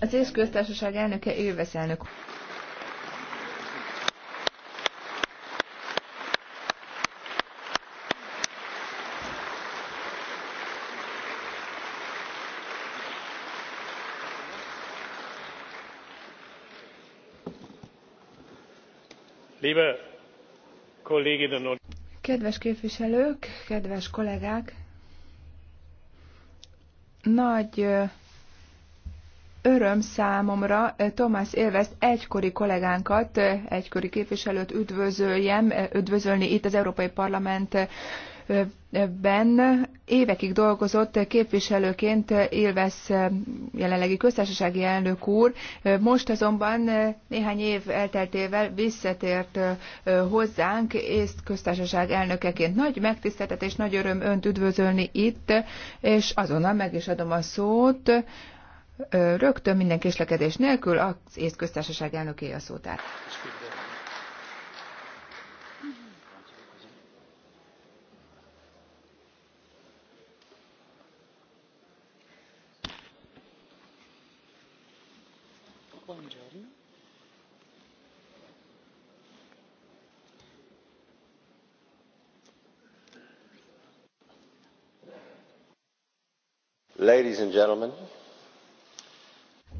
Az ész köztársaság elnöke Ilves elnök. Liebe Kedves képviselők, kedves kollégák! nagy öröm számomra Thomas Élvezt egykori kollégánkat, egykori képviselőt üdvözöljem, üdvözölni itt az Európai Parlament ben évekig dolgozott képviselőként Ilvesz jelenlegi köztársasági elnök úr, most azonban néhány év elteltével visszatért hozzánk észt köztársaság elnökeként. Nagy megtiszteltetés, nagy öröm önt üdvözölni itt, és azonnal meg is adom a szót rögtön minden késlekedés nélkül az észt köztársaság elnöké a szótár. Ladies and gentlemen,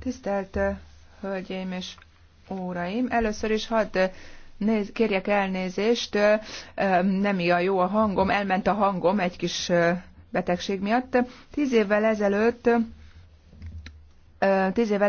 Tisztelt Hölgyeim és Óraim! Először is hadd néz, kérjek elnézést, nem ilyen jó a hangom, elment a hangom egy kis betegség miatt. Tíz évvel ezelőtt Tíz évvel